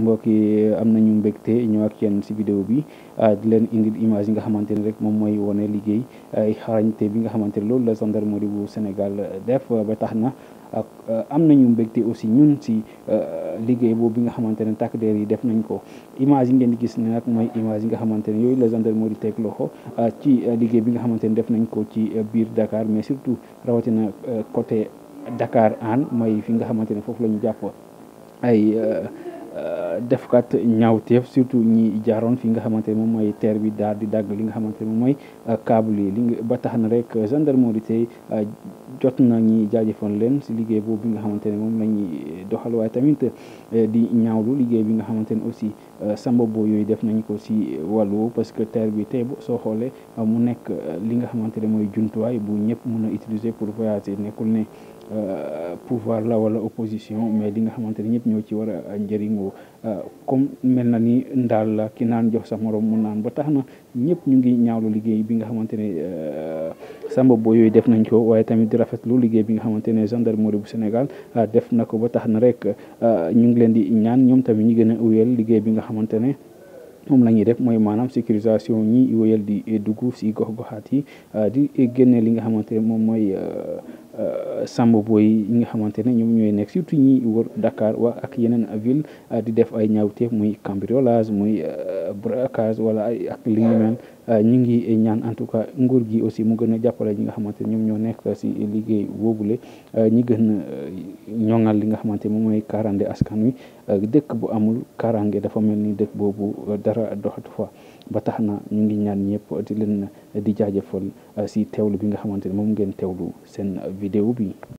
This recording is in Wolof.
mbokk yi am nañu mbégte ñoo ak yéen si vidéo bi ah, leen indi image yi nga xamante ne rek moom mooy wane liggéey xarañte bi nga xamante ne loolu la gendarmerie bu Sénégal def ba tax na ak ah, am nañu mbégte aussi ñun si ah, liggéey boobu nga xamante ne takk der yi def nañ ko image yi ngeen di gis ne mooy image yi nga xamante ne yooyu la gendarmerie teg loxo ci liggéey bi nga xamante ne def nañ ko ci biir Dakar mais surtout rawatina côté Dakar an mooy fi nga xamante ne foofu lañu ñu jàpp ay. Euh, def kat defkat ñaawteef surtout ñi jaaroon fi nga xamante ne moom mooy teer bi daal di dagg li nga xamante ne moom mooy euh, câble yi li ba tax na rek gendarmerie tey euh, jot nañu jaajëfoon leen si liggéey boobu bi nga xamante ne moom la ñuy eh, doxal waaye tamit eh, di ñaawlu liggéey bi nga xamante ne aussi eh, sa boo yooyu def nañ ko si wallu parce que terre bi tey soo xoolee mu nekk li nga xamante ne mooy jumtuwaay bu ñëpp mun a utiliser pour voyager nekkul ne pouvoir la wala opposition mais li nga xamante ne ñëpp ñoo ci war a njëriñoo comme mel na ni ndaal la ki naan jox sa morom mu naan ba tax na ñëpp ñu ngi ñaawlu liggéey bi nga xamante ne samba boo yooyu def nañ ko waaye tamit di rafetlu liggéey bi nga xamante ne gendarmerie bu Sénégal ah, def na ko ba tax na rek ah, ñu ngi leen di ñaan ñoom tamit ñu gëna a liggéey bi nga xamante ne moom la ñuy def mooy maanaam sécurisation ñi wéyal di dugg si gox goxaat yi ah, di génne li nga xamante ne moom mooy Euh, Samba Boy yi nga xamante ne ñoom ñooy nekk surtout ñi wër Dakar waa ak yeneen ville euh, di def ay ñaawteef muy cambriolage muy euh, braquage wala ay ak li ñu mel ñu ngi ñaan en tout cas nguur gi aussi mu gën a jàppale ñi nga xamante ne ñoom ñoo nekk si liggéey boobule ñi gën ñoŋal li nga xamante moom mooy kaaraange askan wi dëkk bu amul kaaraange dafa mel ni dëkk boobu euh, dara doxatu fa ba tax na ñu ngi ñaan ñëpp di leen di jaajëfal si teewlu bi nga xamante ne moom ngeen teewlu seen vidéo bi.